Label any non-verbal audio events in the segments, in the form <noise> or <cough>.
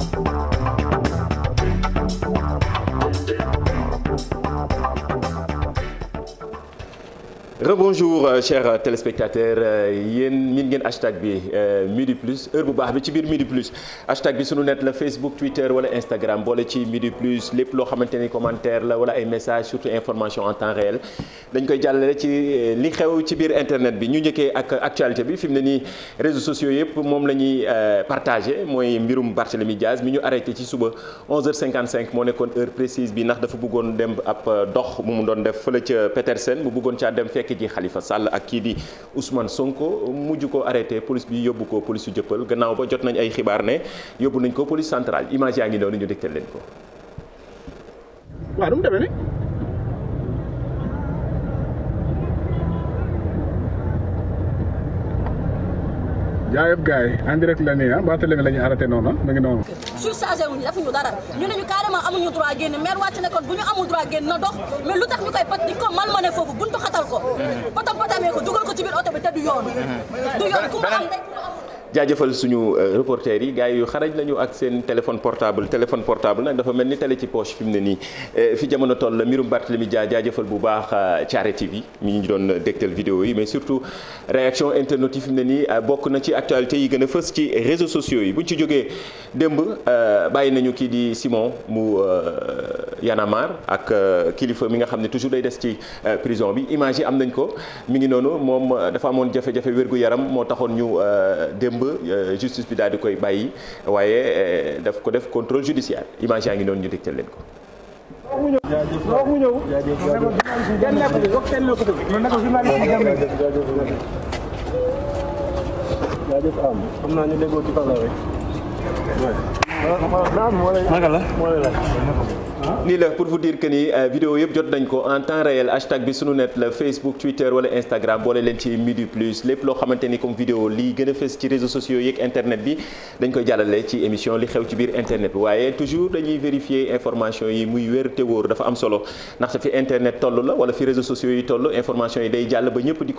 Thank you. rebonjour euh, chers euh, téléspectateurs euh, yéen min ngeen hashtag bi midi plus heure bu baax bi ci biir midi plus hashtag bi sunu net la Facebook Twitter wala Instagram boole ci midi plus lépp loo xamante ni commentaire la wala ay message surtout information en temps réel dañ koy jàllale ci li xew ci biir internet bi ñu njëkkee ak actualité bi fi mu ne nii réseaux sociaux yëpp moom la ñuy partagé mooy mbirum Barthélémy Diaz mi ñu arrêté ci suba 11h55 moo nekkoon heure précise bi ndax dafa bëggoon dem ab dox bu mu doon def fële ca Petersen bu bëggoon caa dem fekk fekk ji Khalifa Sall ak kii di Ousmane Sonko mujj ko arrêté police bi yóbbu ko police yu jëppal gannaaw ba jot nañ ay xibaar ne yóbbu nañ ko police centrale image yaa ngi noonu ñu dégtal leen ko. jaayab gaay en direct la nii ah Barthélémy la ñu arrêté noonu ah, mu ngi noonu. surchargé wuñu defuñu dara ñu ne ñu amuñu droit génn maire wàcc ne kon bu ñu amul droit génn na dox mais lu tax ñu koy pat di ko malmené foofu buntu xatal ko. Mm-hmm. patam patamee ko dugal ko ci biir oto bi te du yoon. Mm-hmm. du yoon ku mu jaajëfal suñu euh, reporter yi gars yu xarañ lañu ak seen téléphone portable téléphone portable nag dafa mel ni télé ci poche fi mu ne nii euh, fi jamono toll la mbirum Barthélemy Dia jaajëfal bu baax euh, Thiaré TV mi ñu doon dégtal vidéo yi mais surtout réaction internaute yi fi mu ne nii bokk na ci actualité yi gën a fës ci réseaux sociaux yi buñ ci jógee démb bàyyi nañu kii di Simon mu Yanamar ak kilifa mi nga xam ne toujours day des ci prison bi image yi am nañ ko mi ngi noonu moom dafa amoon jafe jafe yaram moo taxoon ñu démb ba euh, justice bi daal di koy bàyyi waaye euh, daf ko def contrôle judiciaire image yaa ngi noonu ñu dégtal leen ko. jaajëf jaajëf jaajëf jaajëf nii la pour vous dire que ni euh, vidéo yëpp jot nañ ko en temps réel hashtag bi sunu net la Facebook Twitter wala Instagram boole leen ci Midi Plus lépp loo xamante ni comme vidéo lii gën a fës ci réseaux sociaux yeeg internet bi dañ koy jàllale ci émission li xew ci biir internet bi waaye toujours dañuy vérifier information yi muy wér te wóor dafa am solo ndax fi internet toll la wala fi réseaux sociaux yi toll information yi day jàll ba ñëpp di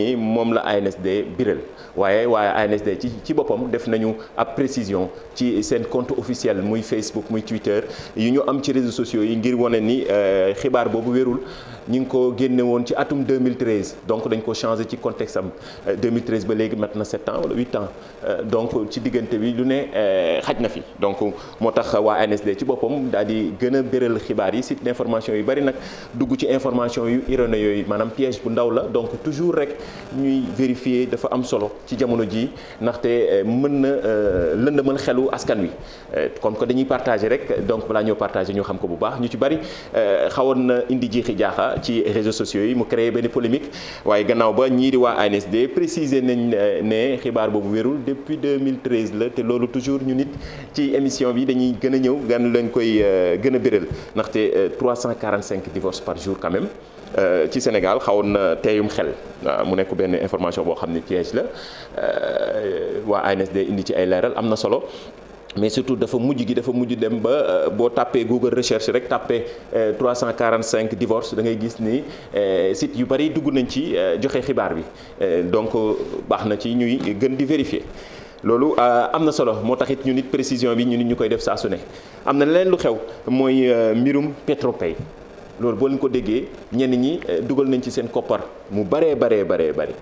ni moom la ANSD biral waaye waaye ANSD ci ci boppam def nañu ab précision ci seen compte officiel muy Facebook muy Twitter yu ñu am ci réseaux sociaux yi ngir wone ni euh, xibaar boobu wérul ñu ngi ko génne woon ci atum 2013 donc dañ ko changé ci contexte am 2013 euh, ba léegi mat na 7 ans wala 8 ans euh, donc ci diggante bi lu ne euh, xaj na fi donc moo tax waa ANSD ci boppam daal di gën a béral xibaar yi sit information yu bari nag dugg ci information yu erroné yooyu maanaam piège bu ndaw la donc toujours rek ñuy vérifier dafa am solo ci jamono ji ndaxte mën na lëndëmal xelu askan wi kon que dañuy partager rek donc balaa ñoo partager ñoo xam ko bu baax ñu ci bari xawoon na indi jeexi jaaxa ci réseaux sociaux yi mu créé benn polémique waaye gannaaw ba ñiiri di waa ANSD préciser nañ ne xibaar boobu wérul depuis 2013 la te loolu toujours ñu nit ci émission bi dañuy gën a ñëw gan lañ koy euh, gën a béral ndaxte 345 euh, divorces par jour quand même euh, ci euh, Sénégal xawoon na teeyum xel waaw mu nekk benn information boo xam ne piège la waa ANSD indi ci ay leeral am na solo mais surtout dafa mujj gi dafa mujj dem ba euh, boo tàppee Google recherche rek tàppee 345 euh, divorce da dangay gis ni euh, sit yu bari dugg nañ ci joxe xibaar bi donc baax na ci ñuy gën di vérifier loolu am na solo moo taxit ñu nit précision bi ñu nit ñu koy def saa ne am na leneen lu xew mooy mbirum Petropay loolu boo leen ko déggee ñenn ñi dugal nañ ci seen koppar mu baree baree baree bari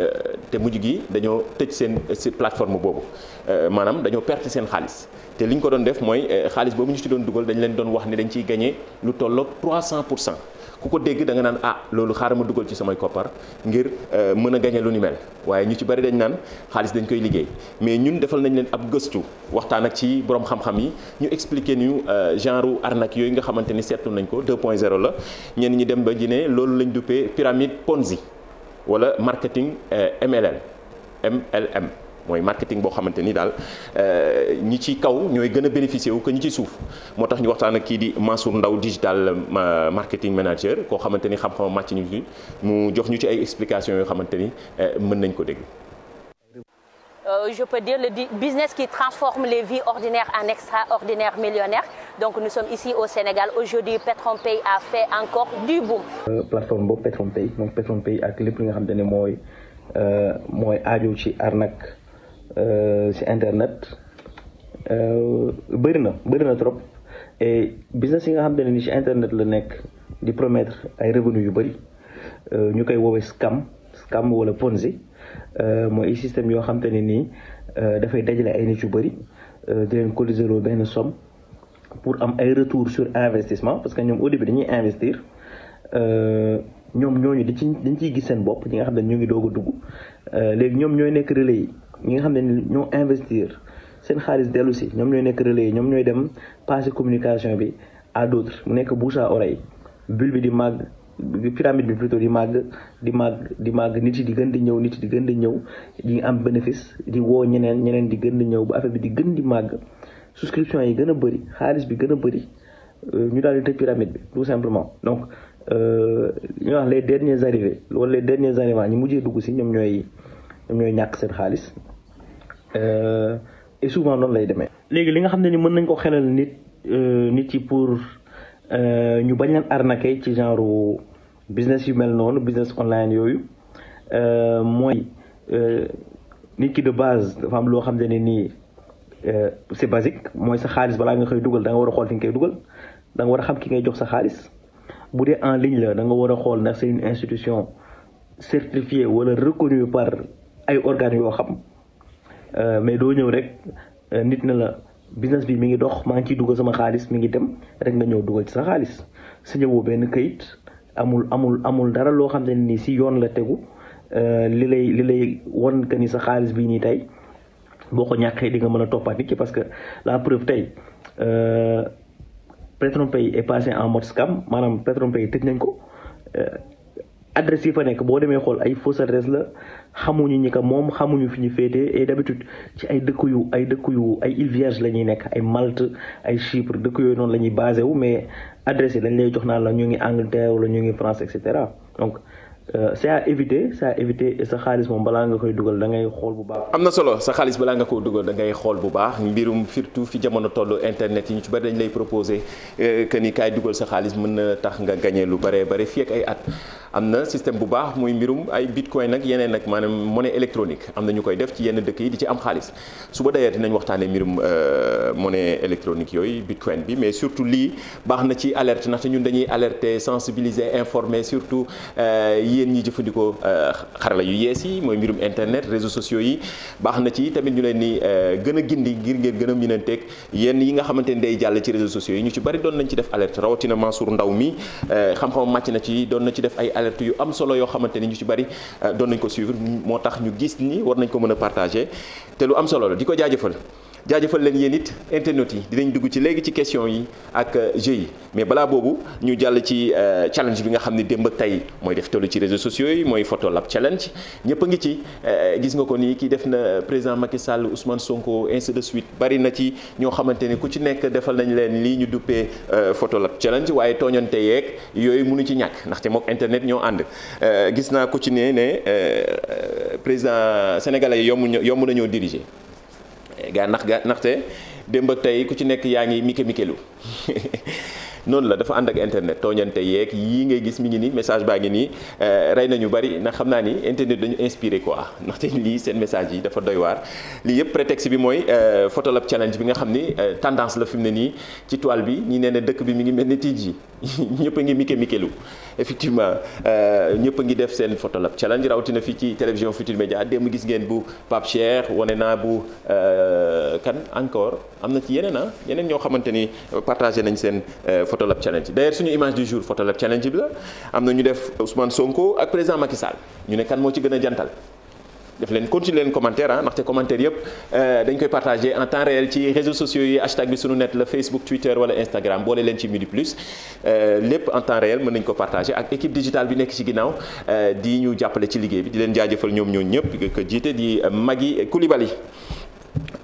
Euh, te mujj gi dañoo tëj seen si plateforme boobu euh, maanaam dañoo perte seen xaalis te li ñu ko doon def mooy euh, xaalis boobu ñu ci doon dugal dañ leen doon wax ni dañ ciy gagné lu tolloog 300 pour cent ku ko dégg da nga naan ah loolu xaaral ma dugal ci samay koppar ngir mën a gagné lu ni mel waaye ñu ci bari dañ naan xaalis dañ koy liggéey mais ñun defal nañ leen ab gëstu waxtaan ak ci borom xam-xam yi ñu expliqué ñu genre arnaque yooyu nga xamante ni seetlu nañ ko 2.0 la ñenn ñi dem ba ji loolu lañ duppee pyramide Ponzi. wala marketing eh, MLM MLM mooy marketing boo xamante ni daal eh, ñi ci kaw ñooy gën a bénéficier wu que ñi ci suuf moo tax ñu waxtaan ak kii di Mansour Ndaw digital marketing manager koo xamante ni xam-xamam màcc ñu mu jox ñu ci ay explications yoo xamante ni eh, mën nañ ko dégg. Euh, je peux dire, le business qui transforme les vies ordinaires en extraordinaires millionnaires. Donc nous sommes ici au Sénégal. Aujourd'hui, Petron Pay a fait encore du boom. Euh, plateforme boobu Petron Pay Petron Pay ak lépp li nga xamante ne mooy euh, mooy aajo ci arnaque euh, ci internet euh, bëri na bëri na trop et business yi nga xamante ne ni ci internet la nekk di promettre ay revenus yu bëri ñu koy woowee scam scam wala ponzi. Euh, mooy système yoo xam te ne nii euh, dafay dajale ay nit yu bëri euh, di leen cotiser benn somme pour am ay retour sur investissement parce que ñoom au début dañuy investir ñoom ñooñu dañ ci dañ ciy gis seen bopp ñi nga xam ne ñu ngi doog a dugg léegi ñoom ñooy nekk relais yi ñi nga xam ne ñoo investir seen xaalis dellu si ñoom ñooy nekk relais yi ñoom ñooy dem passer communication bi à d'autres mu nekk bouche à oreille bulle bi di màgg. pyramide bi plutôt di màgg di mag di màgg nit yi di gën di ñëw nit yi di gën di ñëw di am bénéfice di woo ñeneen ñeneen di gën di ñëw ba affaire bi di gën di màgg souscription yi gën a bëri xaalis bi gën a bëri euh, ñu daal di tëj pyramide bi tout simplement donc euh, ñu wax les derniers arrivés wala les derniers arrivants ñi mujjee dugg si ñoom ñooy ñoom ñooy ñàkk seen xaalis euh, et souvent noonu lay demee. léegi li nga xam ne ni mën nañ ko xelal nit nit yi pour ñu bañ leen arnaquer ci genre. business yu mel noonu business online yooyu euh, mooy euh, nit kii de base dafa am loo xam ne nii euh, c'est basique mooy sa xaalis balaa nga koy dugal da war a xool fi nga koy dugal danga war a xam ki ngay jox sa xaalis bu dee en ligne la da nga war a xool ndax c'est une institution certifiée wala reconnue par ay organes yoo xam mais doo ñëw rek nit na la business bi mi ngi dox maa ngi ciy dugal sama xaalis mi ngi dem rek nga ñëw dugal ci sa xaalis sa ñëwoo benn kayit. amul amul amul dara loo xam ne ni si yoon la tegu euh, li lay li lay won que ni sa xaalis bii nii tey boo ko ñàkkee di nga mën a toppaat nit ki parce que la preuve tey euh, Petronpay est passé en mode scam maanaam Petronpay tëj nañ ko euh, adresse yi fa nekk boo demee xool ay fausse adresse la xamuñu ñi ko moom xamuñu fi ñu féetee et d'habitude ci ay dëkk yu ay dëkk yu ay îles Vierges la ñuy nekk ay Malte ay Chypre dëkk yooyu noonu la ñuy basé wu mais adressé dañ lay jox naan la ñu ngi Angleterre wala ñu ngi France et cetera donc Euh, c'est à éviter c'est sa xaalis moom balaa nga koy dugal da ngay xool bu baax. am na solo sa xaalis balaa nga ko dugal da ngay xool bu baax mbirum surtout fi jamono toll internet yi ñu ci bari dañ lay proposé euh, que ni kaay dugal sa xaalis mën na tax nga gagné lu bare bare fii ak ay at. am na système bu baax muy mbirum ay bitcoin nag yeneen ak maanaam monnaie électronique am na ñu koy def ci yenn dëkk yi di ci am xaalis suba d'ailleurs dinañ waxtaanee mbirum euh, monnaie électronique yooyu bitcoin bi mais surtout lii baax na ci alerte ndaxte ñun dañuy alerter sensibiliser informer surtout. yéen ñi jëfandikoo euh, xarala yu yees yi mooy mbirum internet réseaux sociaux yi baax na ci tamit ñu leen ni euh, gën a gindi ngir ngeen gën a ñu leen teg yéen yi nga xamante ni day jàll ci réseaux sociaux yi ñu ci bari doon nañ ci def alerte rawatina Mansour Ndaw mi euh, xam-xamam màcc na ci doon na ci def ay alerte yu am solo yoo xamante ni ñu ci bari doon nañ ko suivre moo tax ñu gis ni war nañ ko mën a partager te lu am solo la di ko jaajëfal jaajëfal leen yéen it internet yi dinañ dugg ci léegi ci question yi ak euh, jeux yi mais balaa boobu ñu jàll ci euh, challenge bi nga xam ne démb ak tey mooy def tollu ci réseaux sociaux yi mooy photo lab challenge ñëpp a ngi ci euh, gis nga ko nii kii def na président Macky Sall Ousmane Sonko ainsi de suite bari na ci ñoo xamante ni ku ci nekk defal nañ leen lii ñu duppee photo lab challenge waaye tooñante yeeg yooyu mënu ci ñàkk ndaxte mook internet ñoo ànd gis naa ku ci ne ne président sénégalais yi yomb yomb nañoo diriger. gaa nax gaa naxte démb ak tey ku ci nekk yaa ngi mike mikelu <laughs> noonu la dafa ànd ak internet tooñante yeeg yii ngay gis mi ngi nii message baa ngi nii eh, rey ñu bari ndax xam naa ni internet dañu inspiré quoi <laughs> ndaxte lii seen message yi dafa doy waar lii yëpp prétexte bi mooy eh, Photolab challenge bi nga xam ni eh, tendance la fi mu ne nii ci toile bi ñi nee na dëkk bi mi ngi mel ni tiij yi <laughs> ñëpp a ngi mike mikelu effectivement euh, ñëpp a ngi def seen photo lab challenge rawatina fii ci télévision Futur Média démb gis ngeen bu Pape Cheikh wane naa bu euh, kan encore am na ci yeneen ah yeneen ñoo xamante ni partagé nañ seen euh, photo lab challenge d'ailleurs suñu image du jour photo lab challenge bi la am na ñu def Ousmane Sonko ak président Macky Sall ñu ne kan moo ci gën a jantal def leen continuer leen commentaire ah ndaxte commentaire yëpp euh, dañ koy partager en temps réel ci réseaux sociaux yi hashtag bi sunu net la Facebook Twitter wala Instagram boole leen ci Midi Plus euh, lépp en temps réel mën nañ ko partager ak équipe digitale bi nekk ci ginnaaw euh, di ñu jàppale ci liggéey bi di leen jaajëfal ñoom ñoo ñëpp ko jiite di Magui Koulibaly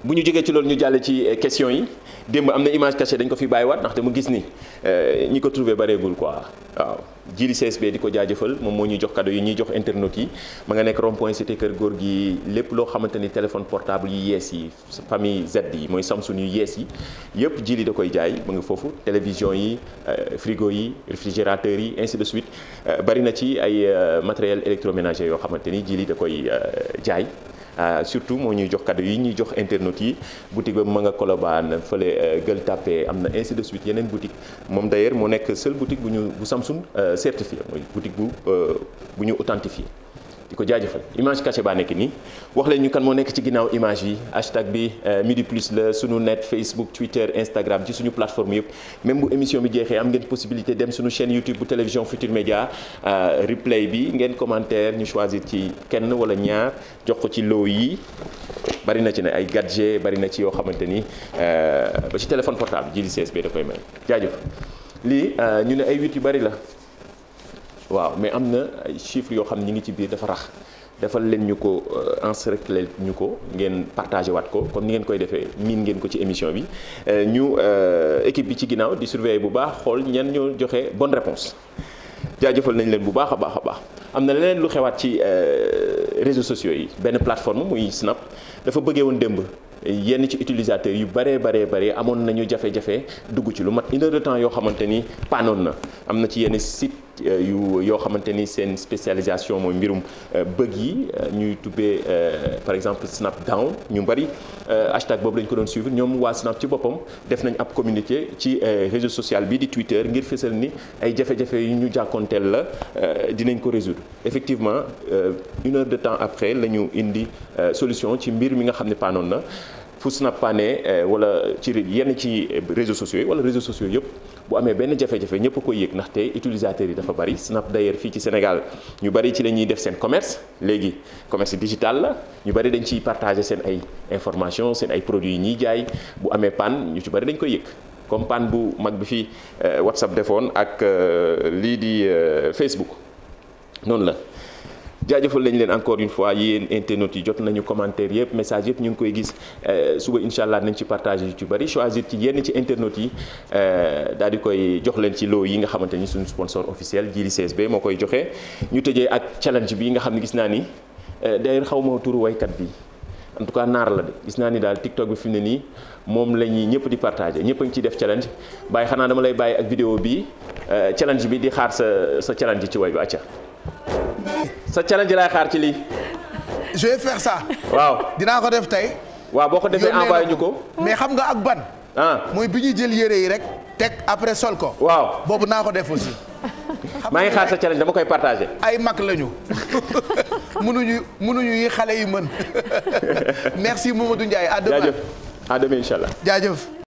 bu ñu jógee ci loolu ñu jàll ci euh, question yi démb am na image cachée dañ ko fi bàyyi bàyyiwaat ndaxte mu gis ni euh, ñi ko trouvé bareegul quoi waaw jili CSB di ko jaajëfal moom moo ñuy jox cadeau yi ñuy jox internautes yi ma nga nekk rond point cité kër góor gi lépp loo xamante ni téléphone portable yu yees yi famille Z yi mooy Samsung yu yees yi yëpp jili da koy jaay ma ngi foofu télévision yi euh, frigo yi réfrigérateur yi ainsi de suite bari na ci ay matériel électroménager yoo xamante ni jili da koy jaay Euh, surtout moo ñuy jox cadeau yi ñuy jox internautes yi boutique ba ma nga Colobane fële euh, Gueule Tapée am na ainsi de suite yeneen boutique moom d'ailleurs moo nekk seule boutique bu ñu bu Samsung euh, certifié mooy boutique bu bu ñu authentifié di ko jaajëfal image cachée baa nekk nii wax leen ñu kan moo nekk ci ginnaaw image yi hashtag bi euh, midi plus la suñu net Facebook Twitter Instagram ci suñu plateforme yëpp même bu émission bi jeexee am ngeen possibilité dem suñu chaîne YouTube bu télévision Futur Média euh, replay bi ngeen commentaire ñu choisir ci kenn wala ñaar jox ko ci loo yi bari na ci ne ay gadget bari na ci yoo xamante ni euh, ba ci téléphone portable ji li CSB da koy may jaajëf lii ñu ne ay wit yu bari la. waaw mais am na ay chiffres yoo xam ñi ngi ci biir dafa rax defal leen ñu ko euh, encercler ñu ko ngeen partagé waat ko comme ni ngeen koy defee miin ngeen ko ci émission bi euh, ñu euh, équipe bi ci ginnaaw di surveiller bu baax xool ñan ñoo joxe bonne réponse jaajëfal nañ leen bu baax a baax a baax am na leneen lu xewaat ci réseaux sociaux yi benn plateforme muy Snap dafa bëggee woon démb yenn ci utilisateurs yu bare bare bare amoon nañu jafe-jafe dugg ci lu mat une heure yoo xamante ni paanoon na am na ci yenn site Euh, yu yoo xamante ni seen spécialisation mooy mbirum euh, bëgg yi euh, ñuy tubbee par exemple Snapdown ñu bari hashtag boobu lañ ko doon suivre ñoom waa Snap ci boppam def nañ ab communiqué ci réseau social bi di Twitter ngir fësal ni ay jafe-jafe yu ñu jàkkoonteel la dinañ ko résoudre effectivement une heure de temps après la ñu indi solution ci mbir mi nga xam ne paanoon na fu snappaane eh, wala ci yenn ci eh, réseaux sociaux yi wala réseaux sociaux yëpp bu amee benn jafe-jafe ñëpp koy yëg ndaxte utilisateurs yi dafa bari snap d'ailleurs fii ci Sénégal ñu bari ci lañuy def seen commerce léegi commerce digital la ñu bari dañ ciy partager seen ay information seen ay produits yi ñuy jaay bu amee panne ñu ci bari dañ koy yëg comme panne bu mag bi fii eh, WhatsApp defoon ak lii di Facebook noonu la jaajëfal lañ leen encore une fois yéen internautes yi jot nañu commentaire yëpp message yëpp ñu ngi koy gis euh, suba incha allah nañ ci partage yu ci bëri choisir ci yenn ci internet yi euh, daal di koy jox leen ci loo yi nga xamante ni suñu sponsor officiel Jili CSB moo koy joxe ñu tëjee ak challenge bi nga xam ne gis naa ni euh, d'ailleurs xaw ma turu waykat bi en tout cas naar la gis naa ni daal TikTok bi fi mu ne nii moom la ñuy ñëpp di partage ñëpp a ciy def challenge bàyyi xanaa dama lay bàyyi ak vidéo bi challenge bi di xaar sa sa challenge ci way bi sa challenge laay xaar ci lii. je vais faire ça. waaw dinaa ko def tey. waaw boo ko defee envoyé ñu ko. mais xam nga ak ban. ah mooy bi ñuy jël yére yi rek. teg après sol ko. waaw boobu naa ko def aussi. <laughs> maa ngi xaar sa challenge dama koy partagé. ay mag lañu <laughs> mënuñu mënuñu yi xale yi mën <laughs> merci Mamadou Ndiaye. à demain jaajëf à demain incha allah jaajëf.